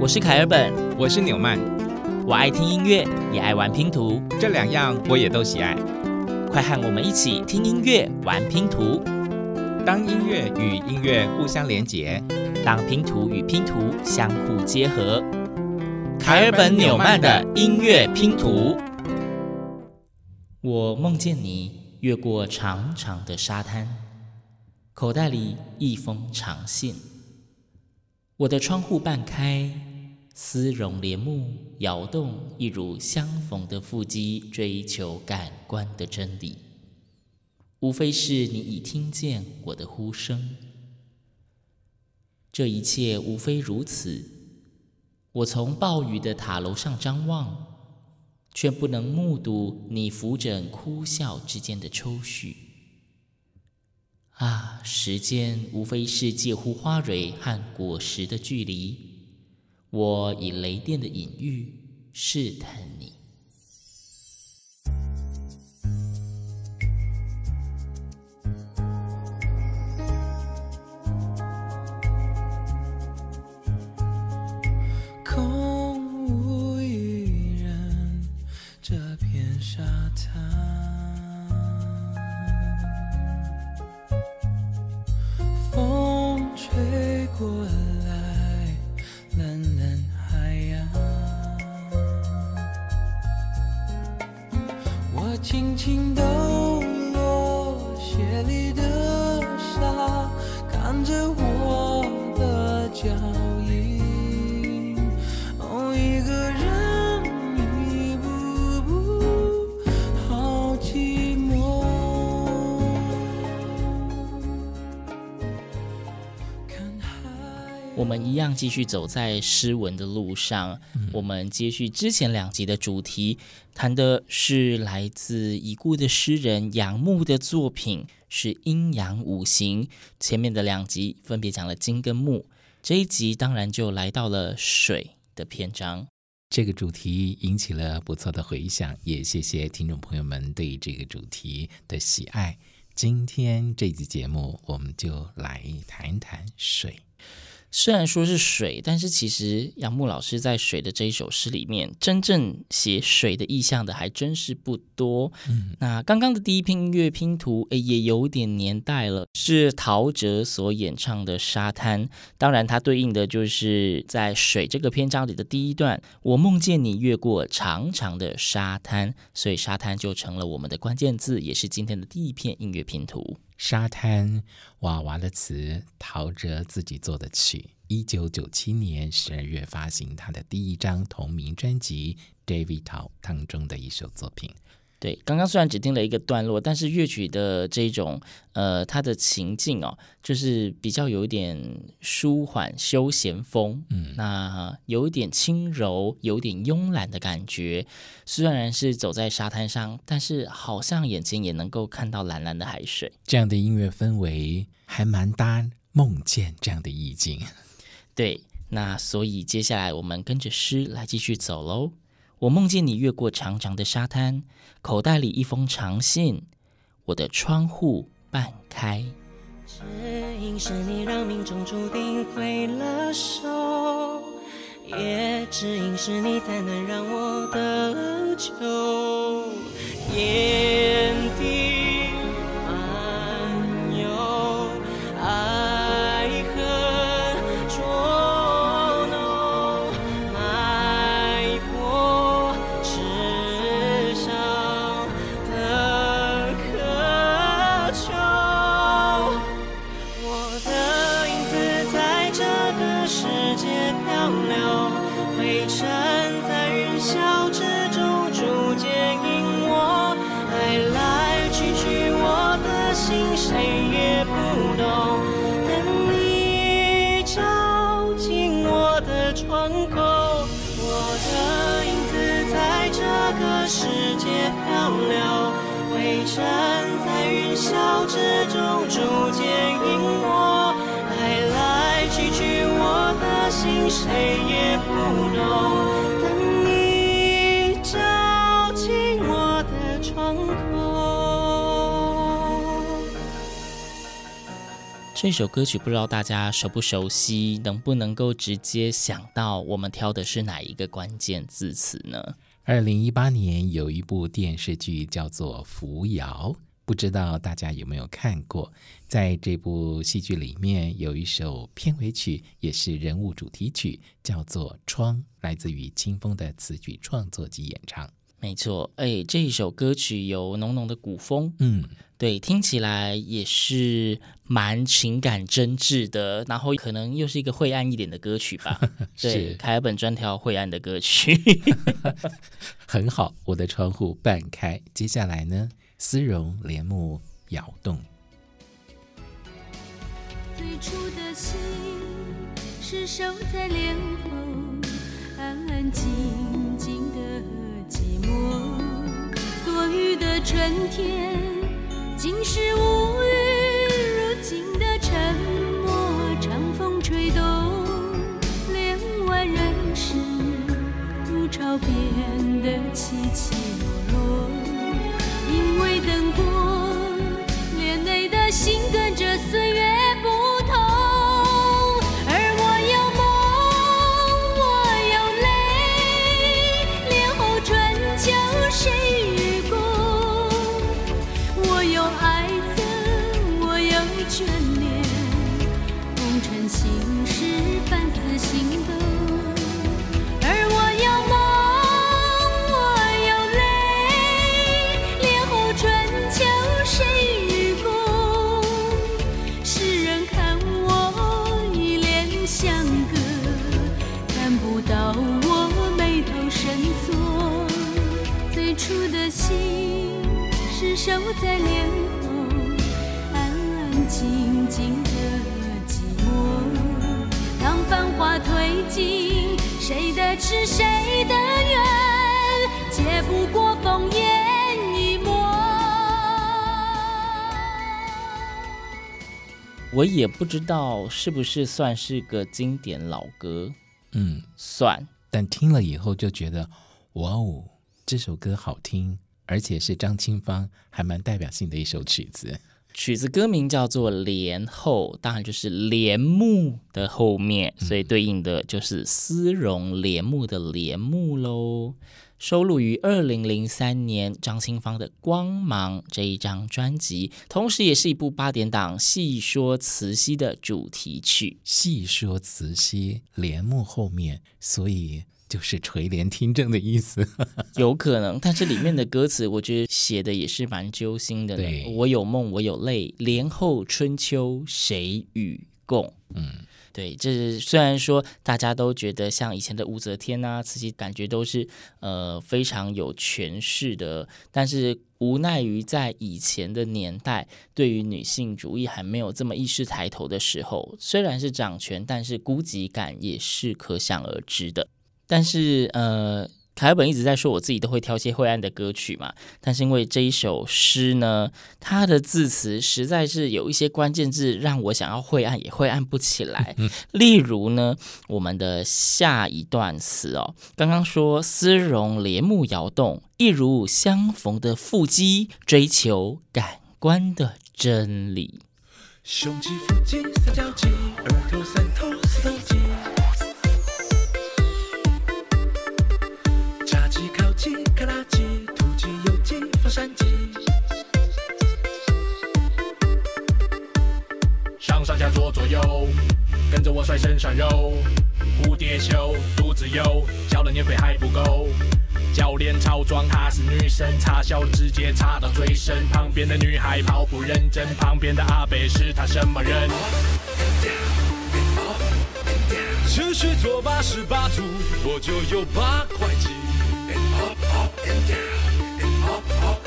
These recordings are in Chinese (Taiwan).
我是凱爾本，我是紐曼，我愛聽音樂，也愛玩拼圖，這兩樣我也都喜愛。快和我們一起聽音樂、玩拼圖。當音樂與音樂互相連接，當拼圖與拼圖相互結合，凱爾本紐曼的音樂拼圖。我夢見你越過長長的沙灘，口袋裡一封長信，我的窗戶半開。絲絨簾幕搖動，一如相逢的腹肌追求感官的真理，無非是你已聽見我的呼聲。這一切無非如此。我從暴雨的塔樓上張望，卻不能目睹你扶枕哭笑之間的抽蓄。啊，時間無非是介乎花蕊和果實的距離。我以雷電的隱喻試探你。我們一樣繼續走在詩文的路上。我們接續之前兩集的主題，談的是來自已故的詩人楊牧的作品，是陰陽五行。前面的兩集分別講了金跟木，這一集當然就來到了水的篇章。這個主題引起了不錯的回響，也謝謝聽眾朋友們對這個主題的喜愛。今天這集節目，我們就來談一談水。雖然說是水，但是其實楊牧老師在《水》的這一首詩裡面，真正寫水的意象的還真是不多。嗯。那剛剛的第一篇音樂拼圖，哎，也有點年代了，是陶喆所演唱的《沙灘》，當然它對應的就是在《水》這個篇章裡的第一段：“我夢見你越過長長的沙灘”，所以沙灘就成了我們的關鍵字，也是今天的第一篇音樂拼圖。沙灘，娃娃的詞，陶喆自己做的曲，一九九七年十二月發行他的第一張同名專輯《David 陶》當中的一首作品。對，剛剛雖然只聽了一個段落，但是樂曲的這種呃，它的情境哦，就是比較有點舒緩、休閒風，嗯，那有點輕柔、有點慵懶的感覺。雖然是走在沙灘上，但是好像眼睛也能夠看到藍藍的海水。這樣的音樂氛圍還蠻搭夢見這樣的意境。 對，那所以接下來我們跟着詩來繼續走嘍。我夢見你越過長長的沙灘。口袋裡一封長信，我的窗戶半開。只因是你讓命中注定了手也，只因是你，才能讓我得救也。誰也不懂，等你照進我的窗口。這首歌曲不知道大家熟不熟悉，能不能夠直接想到我們挑的是哪一個關鍵字詞呢？二零一八年有一部電視劇叫做《扶搖》。不知道大家有沒有看過，在這部戲劇裡面有一首片尾曲，也是人物主題曲，叫做《窗》，來自於清風的詞曲創作及演唱。沒錯，哎，這一首歌曲有濃濃的古風，嗯，對，聽起來也是蠻情感真摯的，然後可能又是一個晦暗一點的歌曲吧。 是對，開本專挑晦暗的歌曲， 很好。我的窗戶半開，接下來呢？絲絨簾幕搖動，最初的心是守在簾後安安靜靜的寂寞，多雨的春天竟是無語如今的沉默，長風吹動簾外人事如潮變得淒淒我也不知道是不是算是個經典老歌，嗯，算。但聽了以後就覺得，哇哦，這首歌好聽，而且是張清芳還蠻代表性的一首曲子。曲子歌名叫做“簾後”，當然就是簾幕的後面，所以對應的就是絲絨簾幕的簾幕嘍。收錄於二零零三年張清芳的《光芒》這一張專輯，同時也是一部八點檔《戲說慈禧》的主題曲。戲說慈禧簾幕後面，所以就是垂簾聽政的意思。 有可能，但是裡面的歌詞我覺得寫的也是蠻揪心的。對，我有夢，我有淚，簾後春秋誰與共？嗯。對，這是雖然說大家都覺得像以前的武則天啊、慈禧，感覺都是呃非常有權勢的，但是無奈於在以前的年代，對於女性主義還沒有這麼意識抬頭的時候，雖然是掌權，但是孤寂感也是可想而知的。但是呃。凱本一直在說，我自己都會挑些晦暗的歌曲嘛，但是因為這一首詩呢，它的字詞實在是有一些關鍵字，讓我想要晦暗也晦暗不起來。 例如呢，我們的下一段詞哦，剛剛說絲絨簾幕搖動，一如相逢的腹肌，追求感官的真理。胸肌腹肌三角肌。左右，跟着我甩身上肉，蝴蝶袖，肚子油，交了年費還不夠。教練超裝，她是女神，插銷直接插到最深。旁邊的女孩跑步認真，旁邊的阿北是她什麼人？持續做八十八組，我就有八塊肌。Up, up up, up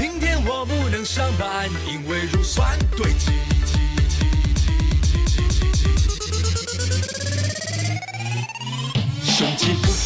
明天我不能上班，因為乳酸堆積。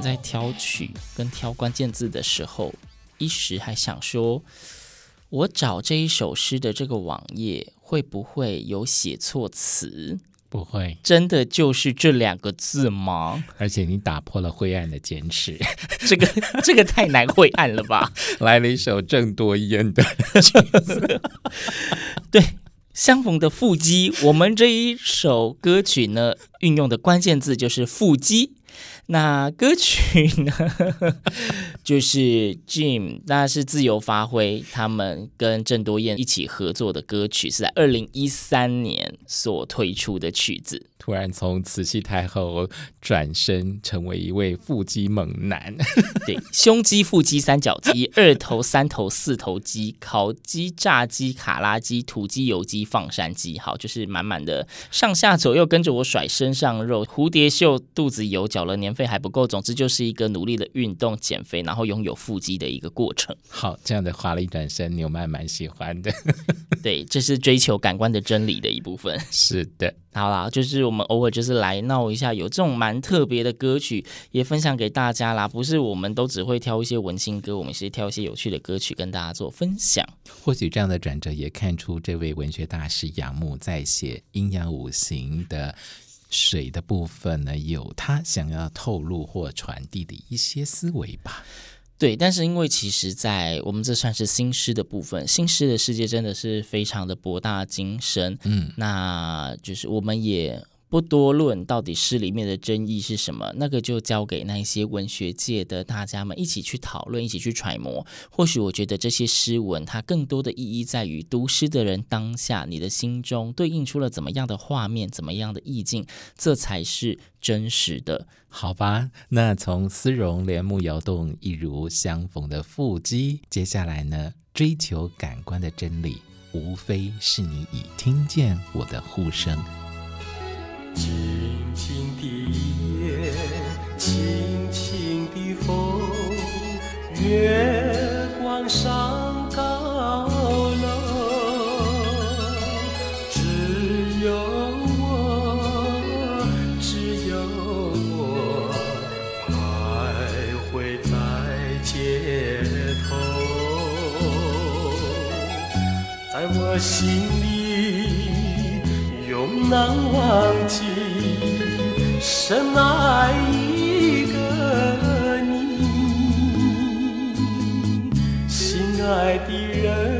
在挑取跟挑關鍵字的時候，一時還想說，我找這一首詩的這個網頁會不會有寫錯詞？不會，真的就是這兩個字嗎？而且你打破了灰暗的堅持， 這個這個太難灰暗了吧？ 來了一首鄭多燕的， 對，相逢的腹肌。 我們這一首歌曲呢，運用的關鍵字就是腹肌。那歌曲呢， 就是 Jim，那是自由發揮，他們跟鄭多燕一起合作的歌曲，是在二零一三年所推出的曲子。突然從慈禧太后轉身成為一位腹肌猛男， 對，胸肌、腹肌、三角肌、二頭、三頭、四頭肌，烤雞、炸雞、卡拉雞、土雞、油雞、放山雞，好，就是滿滿的上下左右跟着我甩身上肉，蝴蝶袖，肚子油絞了黏。費還不夠，總之就是一個努力的運動、減肥，然後擁有腹肌的一個過程。好，這樣的華麗轉身，你麥蠻喜歡的。 對，這是追求感官的真理的一部分。是的，好啦，就是我們偶爾就是來鬧一下，有這種蠻特別的歌曲也分享給大家啦。不是，我們都只會挑一些文青歌，我們是挑一些有趣的歌曲跟大家做分享。或許這樣的轉折也看出這位文學大師楊牧在寫陰陽五行的。水的部分呢，有他想要透露或傳遞的一些思維吧。對，但是因為其實，在我們這算是新詩的部分，新詩的世界真的是非常的博大精深。嗯，那就是我們也。不多論到底詩裡面的真意是什麼，那個就交給那些文學界的大家們一起去討論，一起去揣摩。或許我覺得這些詩文，它更多的意義在於讀詩的人當下，你的心中對應出了怎麼樣的畫面，怎麼樣的意境，這才是真實的，好吧？那從絲絨簾幕搖動，一如相逢的腹肌，接下來呢？追求感官的真理，無非是你已聽見我的呼聲。靜靜的夜，輕輕的風，月光上高樓，只有我，只有我徘徊在街頭，在我心裡。難忘記，深愛一個你，心愛的人。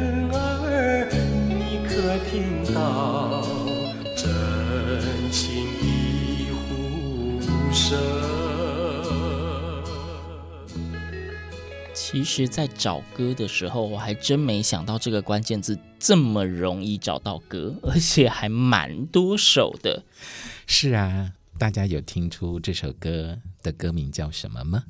其實，在找歌的時候，我還真沒想到這個關鍵字這麼容易找到歌，而且還蠻多首的。是啊，大家有聽出這首歌的歌名叫什麼嗎？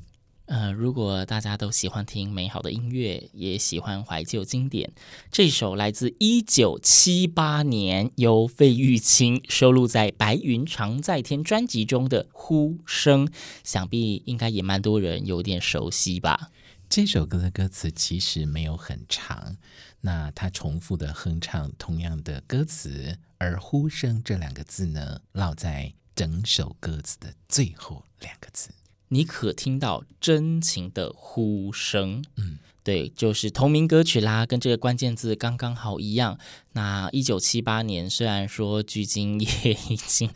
呃，如果大家都喜歡聽美好的音樂，也喜歡懷舊經典，這首來自一九七八年由費玉清收錄在《白雲常在天》專輯中的《呼聲》，想必應該也蠻多人有點熟悉吧。這首歌的歌詞其實沒有很長，那它重複的哼唱同樣的歌詞，而“呼聲”這兩個字呢，落在整首歌詞的最後兩個字。你可聽到真情的呼聲？嗯。對，就是同名歌曲啦，跟這個關鍵字剛剛好一樣。那一九七八年，雖然說距今也已經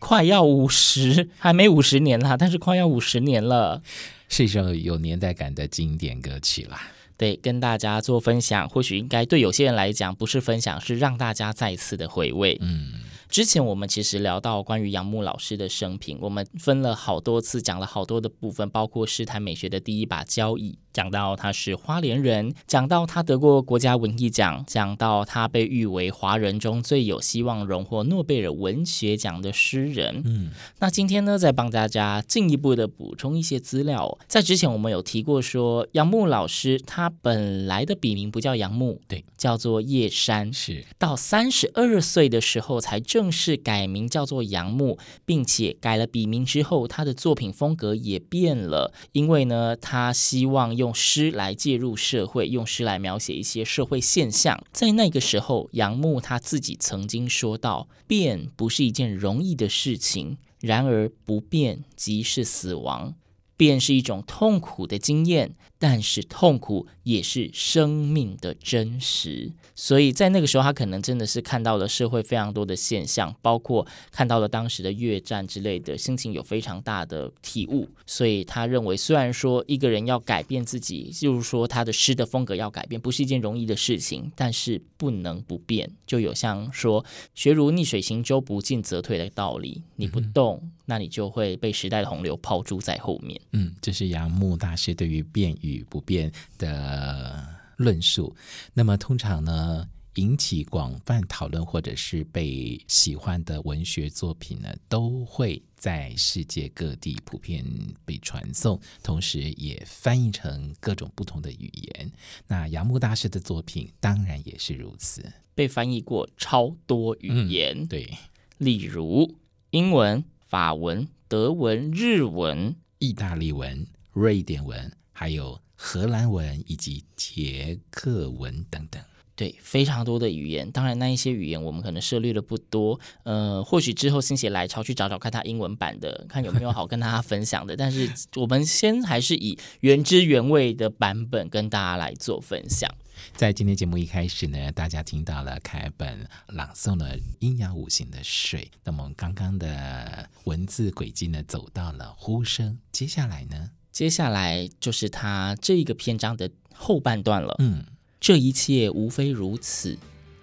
快要五十，還沒五十年啦，但是快要五十年了，是一首有年代感的經典歌曲啦。對，跟大家做分享，或許應該對有些人來講不是分享，是讓大家再次的回味。嗯，之前我們其實聊到關於楊牧老師的生平，我們分了好多次，講了好多的部分，包括詩壇美學的第一把交椅。講到他是花蓮人，講到他得過國家文藝獎，講到他被譽為華人中最有希望榮獲諾，諾貝爾文學獎的詩人。嗯，那今天呢，再幫大家進一步的補充一些資料。在之前我們有提過說，楊牧老師他本來的筆名不叫楊牧，對，叫做葉珊，是到三十二歲的時候才正式改名叫做楊牧，並且改了筆名之後，他的作品風格也變了，因為呢，他希望。用詩來介入社會，用詩來描寫一些社會現象。在那個時候，楊牧他自己曾經說到：“變不是一件容易的事情，然而不變即是死亡，變是一種痛苦的經驗。”但是痛苦也是生命的真實，所以在那個時候，他可能真的是看到了社會非常多的現象，包括看到了當時的越戰之類的，心情有非常大的體悟。所以他認為，雖然說一個人要改變自己，就是說他的詩的風格要改變，不是一件容易的事情，但是不能不變，就有像說“學如逆水行舟，不進則退”的道理。你不動，那你就會被時代的洪流拋諸在後面。嗯，這是楊牧大師對於變與不變的論述。那麼，通常呢，引起廣泛討論或者是被喜歡的文學作品呢，都會在世界各地普遍被傳頌，同時也翻譯成各種不同的語言。那楊牧大師的作品當然也是如此，被翻譯過超多語言。嗯、對，例如英文、法文、德文、日文、意大利文、瑞典文。還有荷蘭文以及捷克文等等，對，非常多的語言。當然，那一些語言我們可能涉獵的不多。呃，或許之後心血來潮去找找看它英文版的，看有沒有好跟大家分享的。 但是我們先還是以原汁原味的版本跟大家來做分享。在今天節目一開始呢，大家聽到了凱本朗誦了陰陽五行的水。那麼剛剛的文字軌跡呢，走到了呼聲。接下來呢？接下來就是他這個篇章的後半段了。嗯，這一切無非如此，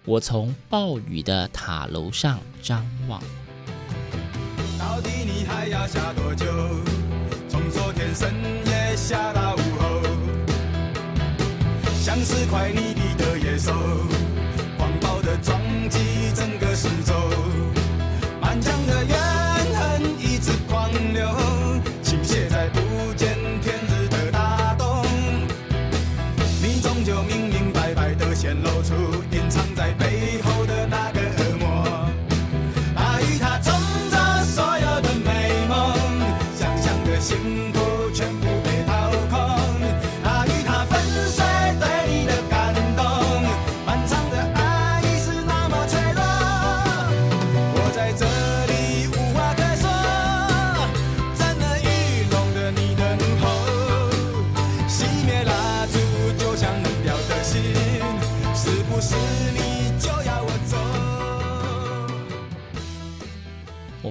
我從暴雨的塔樓上張望，到底你還要下多久？從昨天深夜下到午後，像是快溺斃的野獸，狂暴的撞擊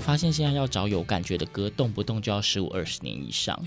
發現現在要找有感覺的歌，動不動就要十五二十年以上。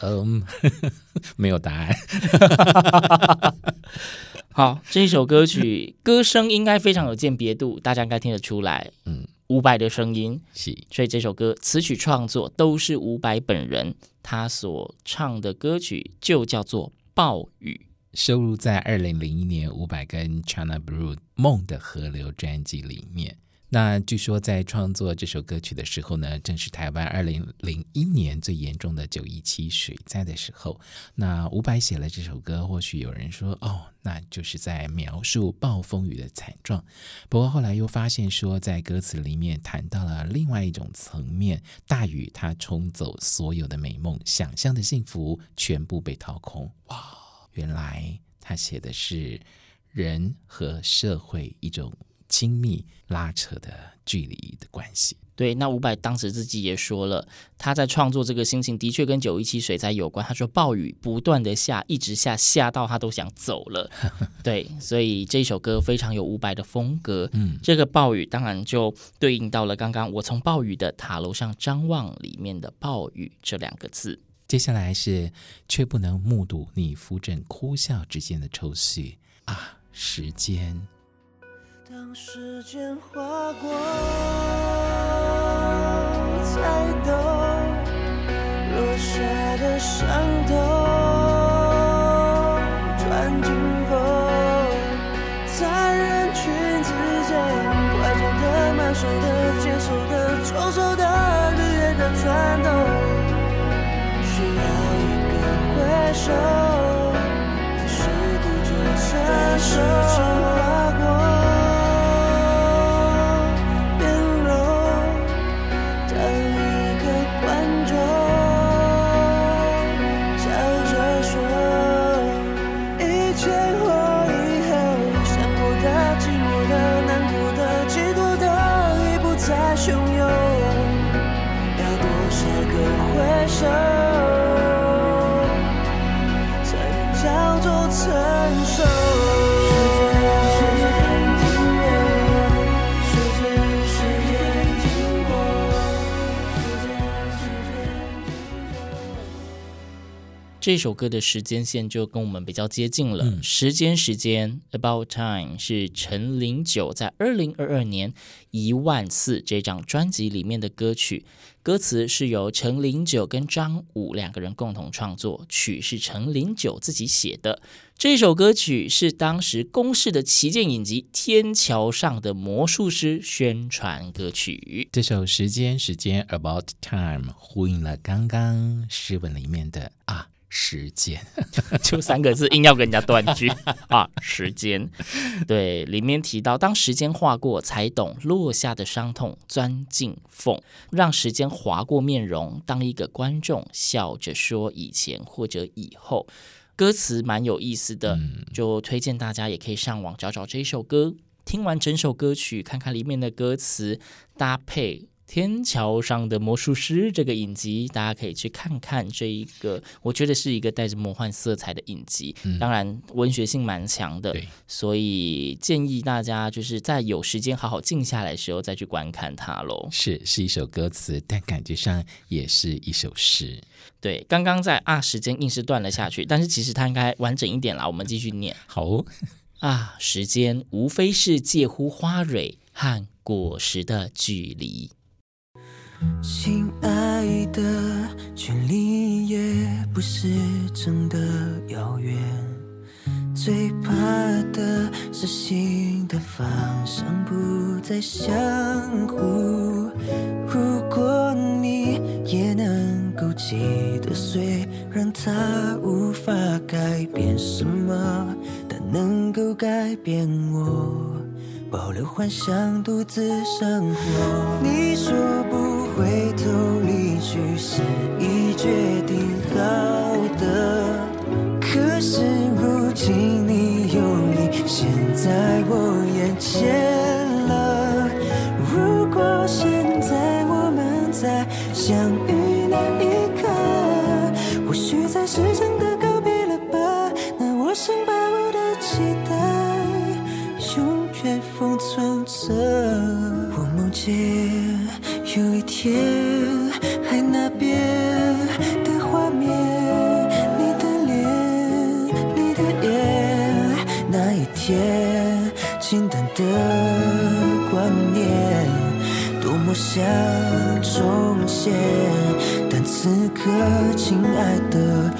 嗯 um,， 沒有答案。 好，這一首歌曲 歌聲應該非常有鑑別度，大家應該聽得出來。嗯，伍佰的聲音是，所以這首歌詞曲創作都是伍佰本人，他所唱的歌曲就叫做《暴雨》，收錄在二零零一年伍佰跟 China Blue《夢的河流》專輯裡面。那據說在創作這首歌曲的時候呢，正是台灣二零零一年最嚴重的九一七水災的時候。那伍佰寫了這首歌，或許有人說哦，那就是在描述暴風雨的慘狀。不過後來又發現說，在歌詞裡面談到了另外一種層面：大雨它沖走所有的美夢，想象的幸福全部被掏空。哇，原來他寫的是人和社會一種。親密拉扯的距離的關係。對，那伍佰當時自己也說了，他在創作這個心情的確跟九一七水災有關。他說暴雨不斷的下，一直下，下到他都想走了。 對，所以這首歌非常有伍佰的風格。嗯，這個暴雨當然就對應到了剛剛我從暴雨的塔樓上張望裡面的“暴雨”這兩個字。接下來是卻不能目睹你撫枕哭笑之間的愁緒啊，時間。當時間劃過，才懂落下的傷痛，轉進風，在人群之間，快走的、慢走的、接受的、抽手的，日夜的轉動，需要一個回首，還是故作成熟？這首歌的時間線就跟我們比較接近了。嗯、時間時間，時間，About Time 是陳零九在二零二二年一萬四這張專輯裡面的歌曲，歌詞是由陳零九跟張武兩個人共同創作，曲是陳零九自己寫的。這首歌曲是當時公視的旗艦影集《天橋上的魔術師》宣傳歌曲。這首時間，時間，About Time 呼應了剛剛詩文裡面的啊。時間 就三個字，硬要跟人家斷句 啊！時間，對，裡面提到當時間劃過，才懂落下的傷痛鑽進縫，讓時間劃過面容。當一個觀眾笑着說，以前或者以後，歌詞蠻有意思的，就推薦大家也可以上網找找這首歌，聽完整首歌曲，看看裡面的歌詞搭配。天橋上的魔術師這個影集，大家可以去看看。這一個，我覺得是一個帶着魔幻色彩的影集，嗯、當然文學性蠻強的。對，所以建議大家就是在有時間好好靜下來的時候再去觀看它嘍。是，是一首歌詞，但感覺上也是一首詩。對，剛剛在啊，時間硬是斷了下去，但是其實它應該完整一點啦。我們繼續念。好哦。啊，時間無非是介乎花蕊和果實的距離。親愛的，距離也不是真的遙遠。最怕的是心的方向不再相互。如果你也能夠記得，雖然它無法改變什麼，但能夠改變我，保留幻想，獨自生活。你說不。回頭離去是已決定好的，可是如今你又隱現在我眼前了。如果現在我們再相遇那一刻，或許才是真的告別了吧？那我想把我的期待永遠封存着。我夢見。天，海那邊的畫面，你的臉，你的眼，那一天，清淡的觀念，多麼想重現，但此刻，親愛的。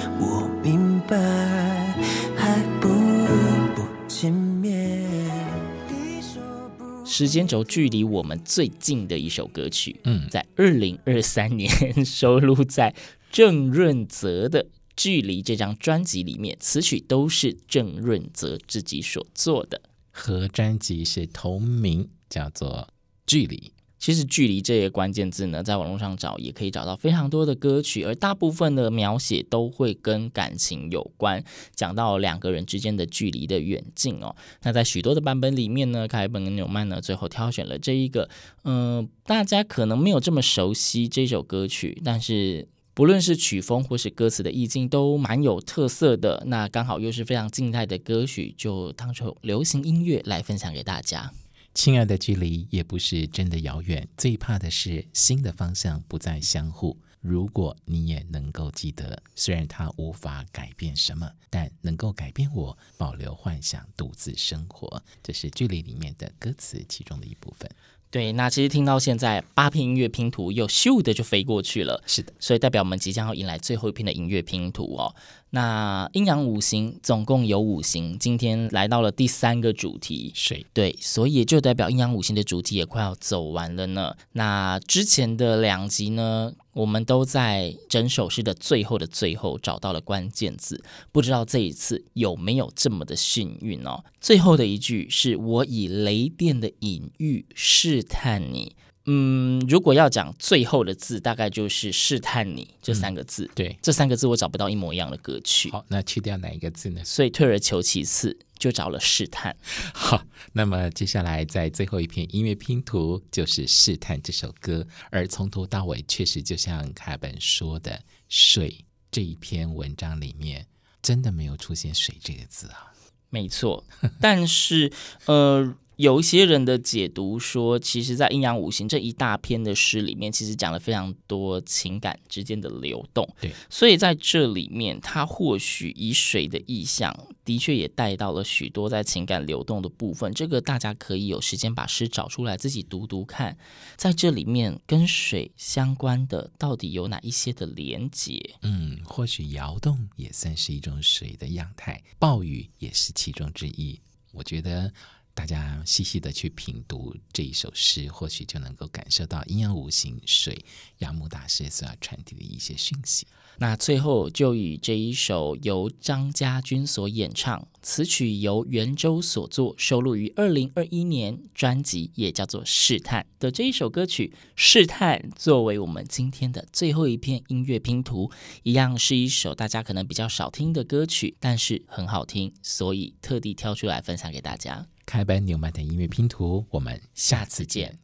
時間軸距離我們最近的一首歌曲，嗯，在二零二三年收錄在鄭潤澤的《距離》這張專輯裡面，詞曲都是鄭潤澤自己所做的，和專輯是同名，叫做《距離》。其實距離這些關鍵字呢，在網絡上找也可以找到非常多的歌曲，而大部分的描寫都會跟感情有關，講到兩個人之間的距離的遠近哦。那在許多的版本裡面呢，凱本跟紐曼呢，最後挑選了這一個，嗯、呃，大家可能沒有這麼熟悉這首歌曲，但是不論是曲風或是歌詞的意境，都蠻有特色的。那剛好又是非常近代的歌曲，就當成流行音樂來分享給大家。親愛的距離也不是真的遙遠，最怕的是心的方向不再相互。如果你也能夠記得，雖然它無法改變什麼，但能夠改變我保留幻想，獨自生活。這是《距離》裡面的歌詞其中的一部分。對，那其實聽到現在八片音樂拼圖又咻的就飛過去了，是的，所以代表我們即將要迎來最後一片的音樂拼圖哦。那陰陽五行總共有五行，今天來到了第三個主題，對，所以就代表陰陽五行的主題也快要走完了呢。那之前的兩集呢，我們都在整首詩的最後的最後找到了關鍵字，不知道這一次有沒有這麼的幸運哦。最後的一句是我以雷電的隱喻試探你。嗯，如果要講最後的字，大概就是“試探”你這三個字，嗯。對，這三個字我找不到一模一樣的歌曲。好，那去掉哪一個字呢？所以退而求其次，就找了“試探”。好，那麼接下來在最後一篇音樂拼圖就是“試探”這首歌。而從頭到尾，確實就像卡本說的，“水”這一篇文章裡面真的沒有出現“水”這個字啊。沒錯，但是 呃。有一些人的解讀說，其實在，在陰陽五行這一大篇的詩裡面，其實講了非常多情感之間的流動。對，所以在這裡面，它或許以水的意象，的確也帶到了許多在情感流動的部分。這個大家可以有時間把詩找出來自己讀讀看，在這裡面跟水相關的到底有哪一些的連接？嗯，或許搖動也算是一種水的樣態，暴雨也是其中之一，我覺得。大家細細的去品讀這一首詩，或許就能夠感受到陰陽五行、水、楊木大師所要傳遞的一些訊息。那最後就以這一首由張家軍所演唱，詞曲由圓周所作，收錄於二零二一年專輯，也叫做《試探》的這一首歌曲《試探》，作為我們今天的最後一篇音樂拼圖，一樣是一首大家可能比較少聽的歌曲，但是很好聽，所以特地挑出來分享給大家。開班紐曼的音樂拼圖，我們下次見。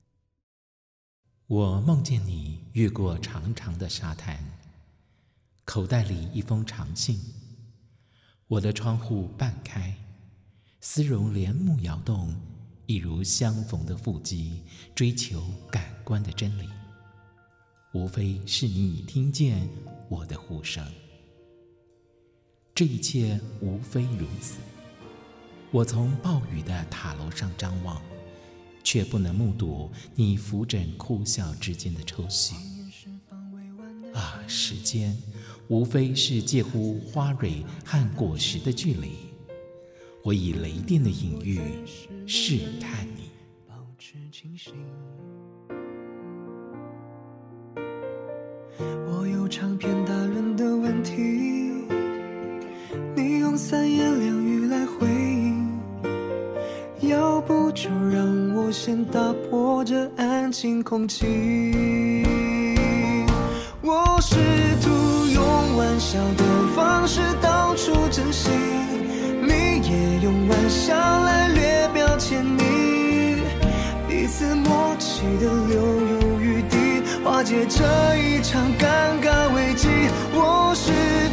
我夢見你越過長長的沙灘，口袋裡一封長信。我的窗戶半開，絲絨簾幕搖動，一如相逢的腹肌，追求感官的真理，無非是你聽見我的呼聲。這一切無非如此。我從暴雨的塔樓上張望，卻不能目睹你扶枕哭笑之間的抽泣。啊、時間無非是介乎花蕊和果實的距離，我以雷電的隱喻試探你保持清醒。我有長篇大論的問題，你用三言兩語來回不就讓我先打破這安靜空氣？我試圖用玩笑的方式道出真心，你也用玩笑來略表歉意，彼此默契的留有餘地，化解這一場尷尬危機。我試。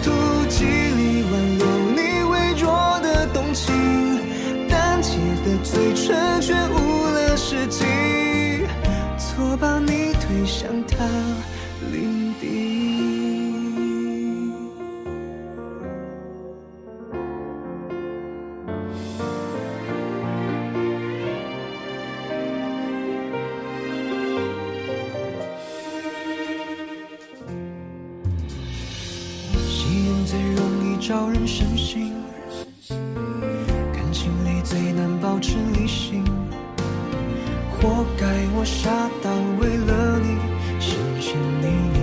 成全誤了時機，錯把你。該我傻到為了你深陷泥濘，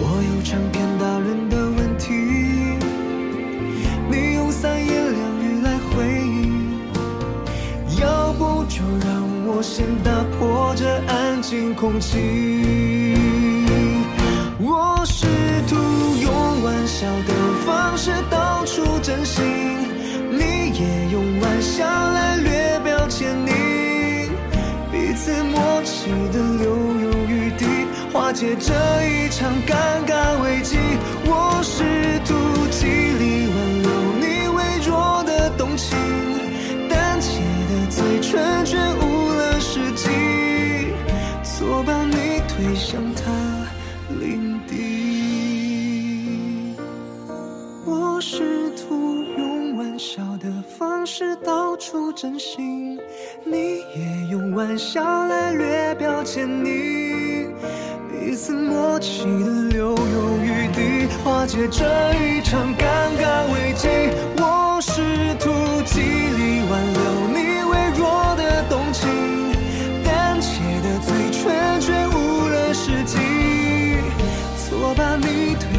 我有長篇大論的問題，你用三言兩語來回應，要不就讓我先打破這安靜空氣。借這一場尷尬危機，我試圖極力挽留你微弱的動情，膽怯的嘴唇卻誤了時機，錯把你推向他領地。我試圖用玩笑的方式道出真心，你也用玩笑來略表歉意。一次默契的留有餘地，化解這一場尷尬危機。我試圖極力挽留你微弱的動情，膽怯的嘴唇卻誤了時機，錯把你吞。